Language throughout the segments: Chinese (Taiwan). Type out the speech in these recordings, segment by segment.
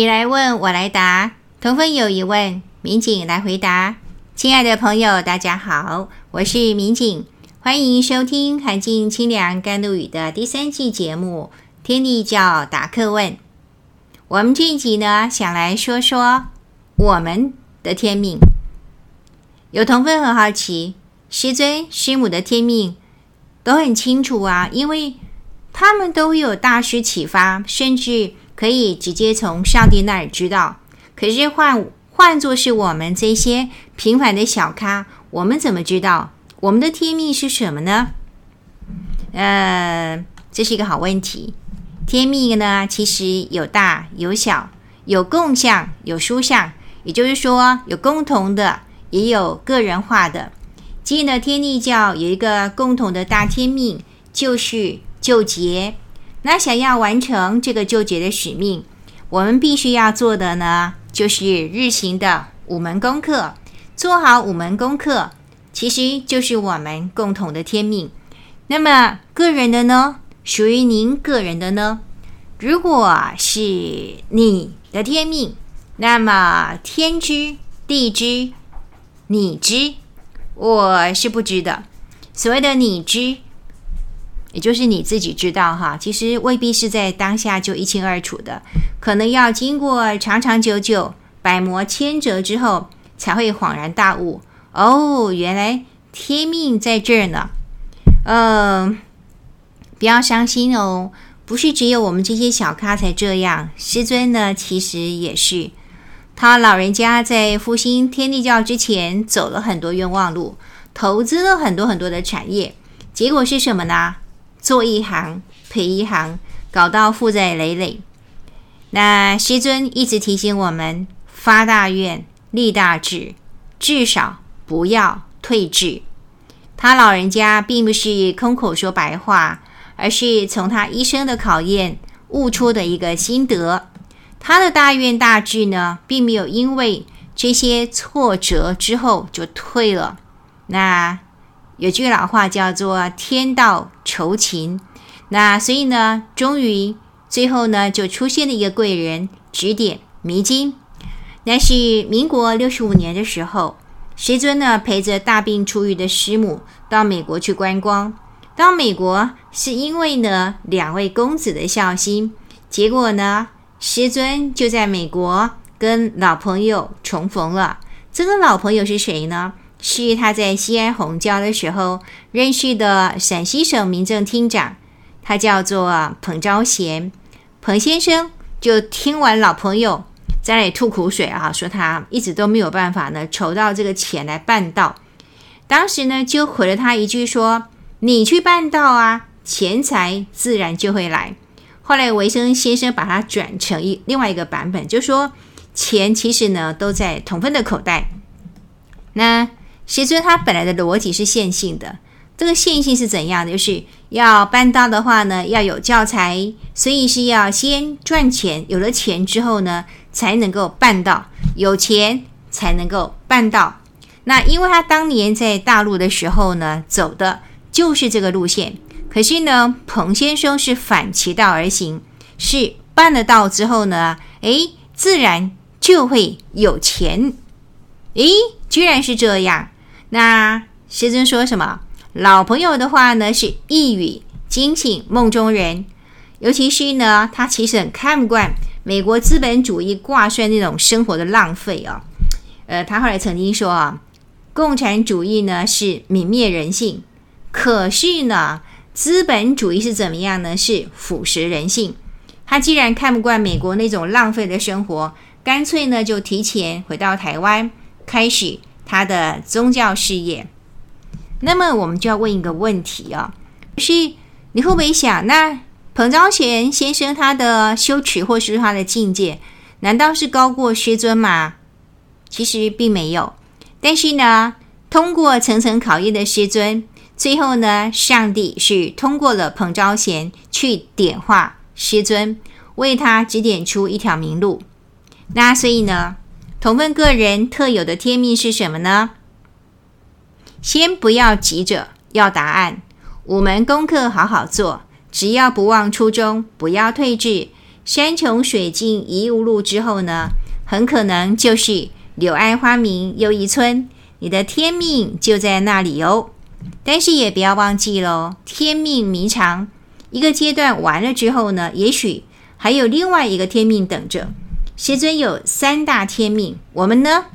你來問我來答，同分有疑問，民警來回答。親愛的朋友，大家好，我是民警，歡迎收聽《寒靜清涼甘露語》的第三季節目《天地叫答客問》。我們這一集呢，想來說說我們的天命。有同分很好奇，師尊、師母的天命都很清楚啊，因為他們都有大師啟發，甚至，可以直接從上帝那兒知道，可是換換作是我們這些平凡的小咖，我們怎麼知道我們的天命是什麼呢？呃，這是一個好問題。天命呢，其實有大有小，有共相有殊相，也就是說有共同的，也有個人化的。即呢，天帝教有一個共同的大天命，就是救劫。那想要完成這個救劫的使命，我們必須要做的呢，就是日行的五門功課。做好五門功課，其實就是我們共同的天命。那麼個人的呢，屬於您個人的呢，如果是你的天命，那麼天知地知，你知，我是不知的。所謂的你知。也就是你自己知道哈，其實未必是在當下就一清二楚的，可能要經過長長久久、百磨千折之後，才會恍然大悟。哦，原來天命在這兒呢。嗯、呃，不要傷心哦，不是只有我們這些小咖才這樣。師尊呢，其實也是，他老人家在復興天帝教之前，走了很多冤枉路，投資了很多很多的產業，結果是什麼呢？做一行賠一行，搞到負債累累。那師尊一直提醒我們發大願立大志，至少不要退志。他老人家並不是空口說白話，而是從他一生的考驗悟出的一個心得。他的大願大志呢，並沒有因為這些挫折之後就退了。那。有句老話叫做“天道酬勤”，那所以呢，終於最後呢，就出現了一個貴人指點迷津。那是民國六十五年的時候，師尊呢陪着大病初癒的師母到美國去觀光。到美國是因為呢兩位公子的孝心，結果呢，師尊就在美國跟老朋友重逢了。這個老朋友是誰呢？是他在西安弘教的時候認識的陝西省民政廳長，他叫做彭昭賢，彭先生就聽完老朋友在那裡吐苦水啊，說他一直都沒有辦法呢籌到這個錢來辦道。當時呢就回了他一句說：“你去辦道啊，錢財自然就會來。”後來維生先生把它轉成一另外一個版本，就說錢其實呢都在同奮的口袋，那。其實他本來的邏輯是線性的，這個線性是怎樣的？就是要辦到的話呢，要有教材，所以是要先賺錢，有了錢之後呢，才能夠辦到，有錢才能夠辦到。那因為他當年在大陸的時候呢，走的就是這個路線。可是呢，彭先生是反其道而行，是辦得到之後呢，誒，自然就會有錢。誒，居然是這樣。那師尊說什麼？老朋友的話呢，是一語驚醒夢中人。尤其是呢，他其實很看不慣美國資本主義掛帥那種生活的浪費哦。呃，他後來曾經說啊，共產主義呢是泯滅人性，可是呢，資本主義是怎麼樣呢？是腐蝕人性。他既然看不慣美國那種浪費的生活，乾脆呢就提前回到台灣開始。他的宗教事業，那麼我們就要問一個問題啊、哦，就是你會不會想，那彭昭賢先生他的修持，或是他的境界，難道是高過師尊嗎？其實並沒有，但是呢，通過層層考驗的師尊，最後呢，上帝是通過了彭昭賢去點化師尊，為他指點出一條明路。那所以呢？同奮個人特有的天命是什麼呢？先不要急着要答案，五門功課好好做，只要不忘初衷，不要退志。山窮水盡疑無路之後呢，很可能就是柳暗花明又一村，你的天命就在那裡哦。但是也不要忘記嘍，天命彌長，一個階段完了之後呢，也許還有另外一個天命等着。師尊有三大天命，我們呢，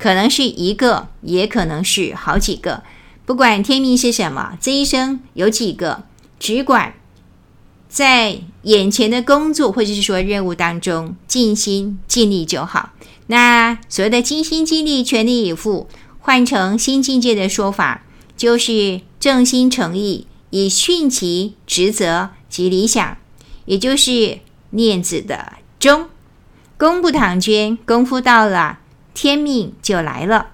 可能是一個，也可能是好幾個。不管天命是什麼，這一生有幾個，只管在眼前的工作或者是說任務當中盡心盡力就好。那所謂的盡心盡力、全力以赴，換成新境界的說法，就是正心誠意，以殉其職責及理想，也就是廿字的忠。功不唐捐，功夫到了，天命就來了。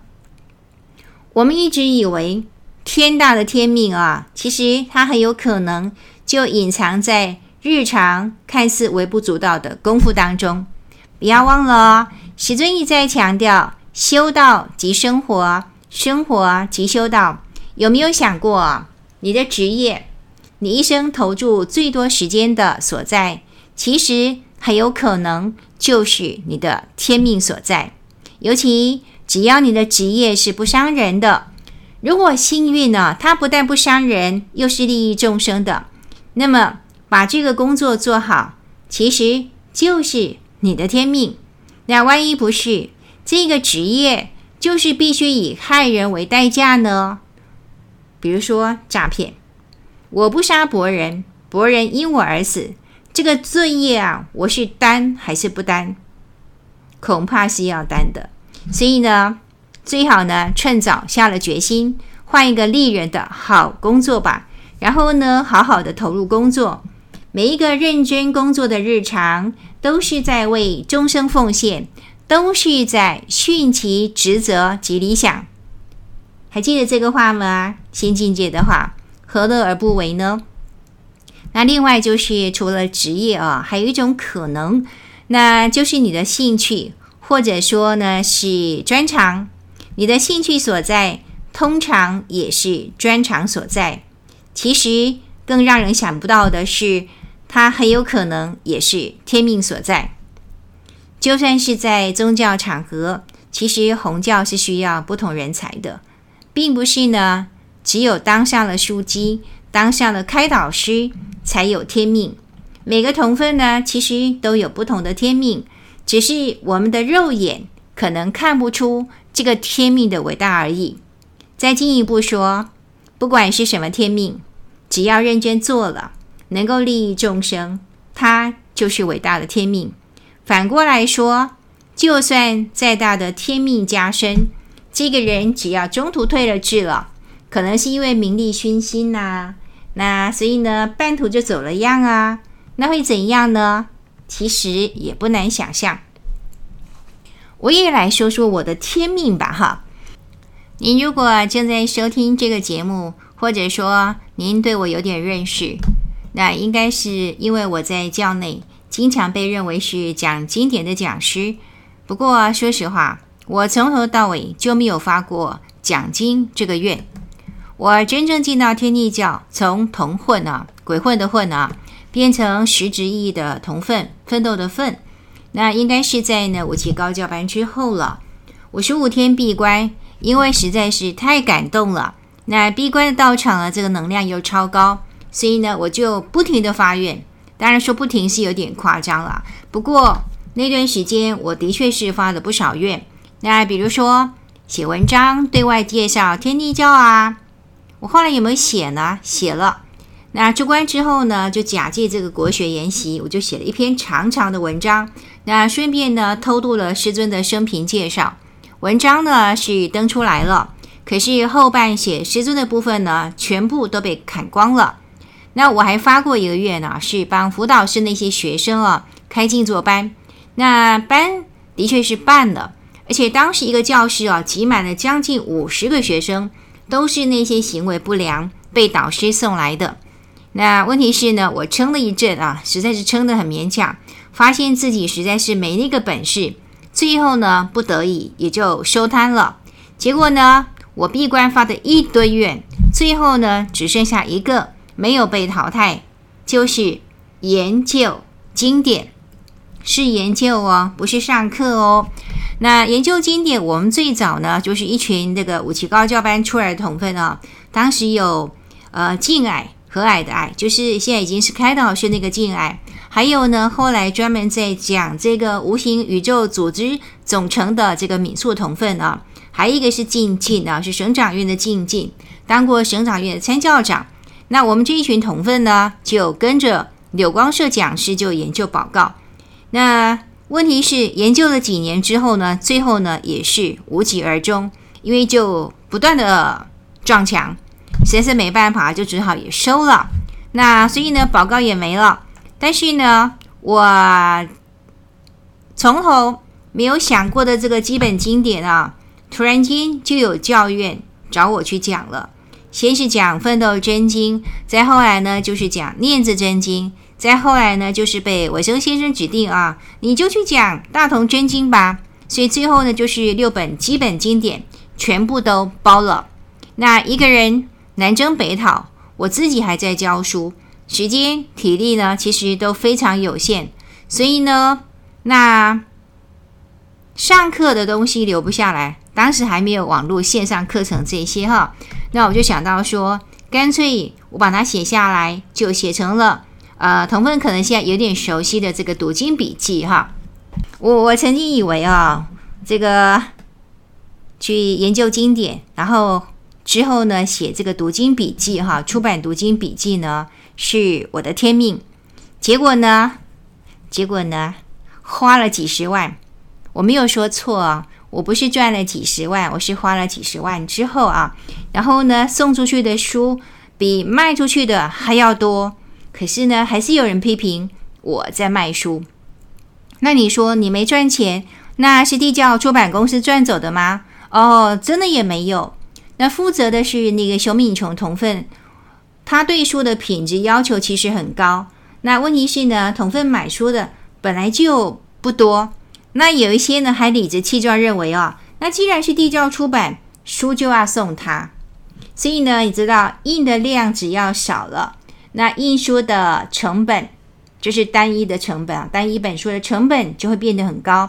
我們一直以為天大的天命啊，其實它很有可能就隱藏在日常看似微不足道的功夫當中。不要忘了，哦，師尊一再強調：修道即生活，生活即修道。有沒有想過，你的職業，你一生投注最多時間的所在，其實很有可能。就是你的天命所在，尤其只要你的職業是不傷人的，如果幸運呢，它不但不傷人，又是利益眾生的，那麼把這個工作做好，其實就是你的天命。那萬一不是，這個職業就是必須以害人為代價呢？比如說詐騙，我不殺伯仁，伯仁因我而死。這個罪業啊，我是擔還是不擔？恐怕是要擔的。所以呢，最好呢，趁早下了決心，換一個利人的好工作吧。然後呢，好好的投入工作。每一個認真工作的日常，都是在為終生奉獻，都是在殉其職責及理想。還記得這個話嗎？新境界的話，何樂而不為呢？那另外就是除了職業啊、哦，還有一種可能，那就是你的興趣，或者說呢是專長。你的興趣所在，通常也是專長所在。其實更讓人想不到的是，它很有可能也是天命所在。就算是在宗教場合，其實紅教是需要不同人才的，並不是呢只有當上了書記、當上了開導師。才有天命。每個同奮呢，其實都有不同的天命，只是我們的肉眼可能看不出這個天命的偉大而已。再進一步說，不管是什麼天命，只要認真做了，能夠利益眾生，它就是偉大的天命。反過來說，就算再大的天命加身，這個人只要中途退了志了，可能是因為名利燻心吶、啊。那所以呢，半途就走了樣啊，那會怎樣呢？其實也不難想象。我也來說說我的天命吧，哈。您如果正在收聽這個節目，或者說您對我有點認識，那應該是因為我在教內經常被認為是講經典的講師。不過說實話，我從頭到尾就沒有發過講經這個願。我真正進到天帝教，從同混啊，鬼混的混啊，變成實質意義的同奮奮鬥的奮，那應該是在呢，我去高教班之後了。我十五天閉關，因為實在是太感動了。那閉關的道場啊，這個能量又超高，所以呢，我就不停的發願。當然說不停是有點誇張了，不過那段時間我的確是發了不少願。那比如說寫文章對外介紹天帝教啊。我後來有沒有寫呢？寫了，那出關之後呢，就假借這個國學研習，我就寫了一篇長長的文章。那順便呢，偷渡了師尊的生平介紹。文章呢是登出來了，可是後半寫師尊的部分呢，全部都被砍光了。那我還發過一個月呢，是幫輔導室那些學生啊開靜坐班。那班的確是辦的，而且當時一個教室啊擠滿了將近五十個學生。都是那些行為不良被導師送來的。那問題是呢，我撐了一陣啊，實在是撐得很勉強，發現自己實在是沒那個本事，最後呢，不得已也就收攤了。結果呢，我閉關發的一堆願，最後呢，只剩下一個沒有被淘汰，就是研究經典。是研究哦，不是上課哦。那研究經典，我們最早呢，就是一群這個五七高教班出來的同奮啊。當時有呃、靜藹，和藹的藹，就是現在已經是開導師，那個靜藹。還有呢，後來專門在講這個無形宇宙組織總成的這個敏素同奮啊。還有一個是靜靜呢，是省掌院的靜靜，當過省掌院的參教長。那我們這一群同奮呢，就跟着柳光社講師就研究報告。那。問題是研究了幾年之後呢，最後呢也是無疾而終，因為就不斷的、呃、撞牆，實在是沒辦法，就只好也收了。那所以呢，寶誥也沒了。但是呢，我從頭沒有想過的這個基本經典啊，突然間就有教院找我去講了。先是講《奮鬥真經》，再後來呢就是講《廿字真經》。再後來呢，就是被維生先生指定啊，你就去講《大同真經》吧。所以最後呢，就是六本基本經典全部都包了。那一個人南征北討，我自己還在教書，時間體力呢其實都非常有限，所以呢，那上課的東西留不下來，當時還沒有網絡線上課程這些哈。那我就想到說，乾脆我把它寫下來，就寫成了。啊、呃，同奮可能現在有點熟悉的這個讀經筆記哈，我，我我曾經以為啊，這個去研究經典，然後之後呢寫這個讀經筆記哈，出版讀經筆記呢是我的天命，結果呢，結果呢花了幾十萬，我沒有說錯啊，我不是賺了幾十萬，我是花了幾十萬之後啊，然後呢送出去的書比賣出去的還要多。可是呢，還是有人批評我在賣書。那你說你沒賺錢，那是帝教出版公司賺走的嗎？哦，真的也沒有。那負責的是那個熊敏瓊同奮，他對書的品質要求其實很高。那問題是呢，同奮買書的本來就不多。那有一些呢，還理直氣壯認為哦，那既然是帝教出版，書就要送他。所以呢，你知道印的量只要少了。那印書的成本就是單一的成本啊，單一本書的成本就會變得很高。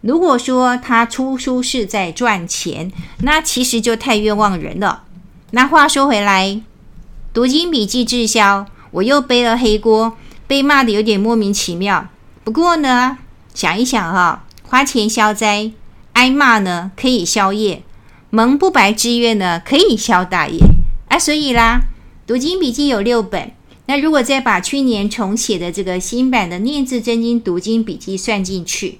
如果說他出書是在賺錢，那其實就太冤枉人了。那話說回來，讀經筆記滯銷，我又背了黑鍋，被罵得有點莫名其妙。不過呢，想一想哈、哦，花錢消災，挨罵呢可以消業，蒙不白之冤呢可以消大業啊。所以啦，讀經筆記有六本。那如果再把去年重寫的這個新版的《廿字真經》讀經筆記算進去，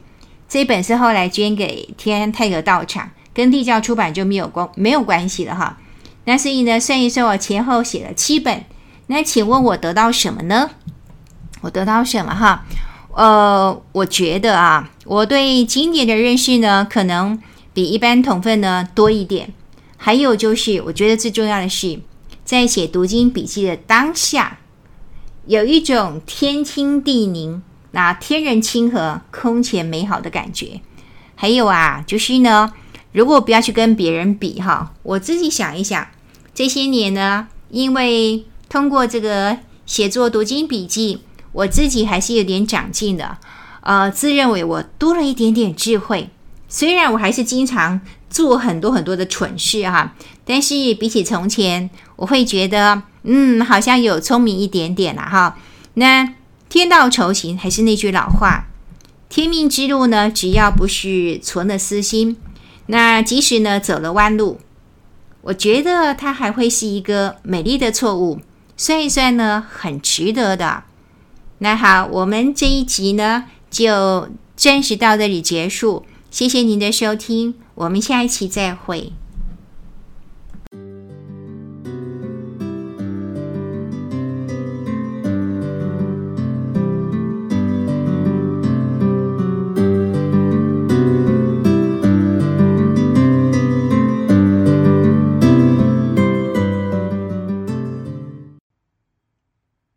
這本是後來捐給天安太和道場，跟帝教出版就沒有關沒有關係了哈。那所以呢，算一算我前後寫了七本，那請問我得到什麼呢？我得到什麼哈？呃，我覺得啊，我對經典的認識呢，可能比一般同奮呢多一點。還有就是，我覺得最重要的是，在寫讀經筆記的當下。有一種天清地寧，那天人親和，空前美好的感覺。還有啊，就是呢，如果不要去跟別人比哈，我自己想一想，這些年呢，因為通過這個寫作讀經筆記，我自己還是有點長進的。呃，自認為我多了一點點智慧，雖然我還是經常做很多很多的蠢事哈，但是比起從前，我會覺得。嗯，好像有聰明一點點了、啊、哈。那天道酬勤，還是那句老話，天命之路呢，只要不是存了私心，那即使呢走了彎路，我覺得它還會是一個美麗的錯誤，算一算呢，很值得的。那好，我們這一集呢就暫時到這裡結束，謝謝您的收聽，我們下一期再會。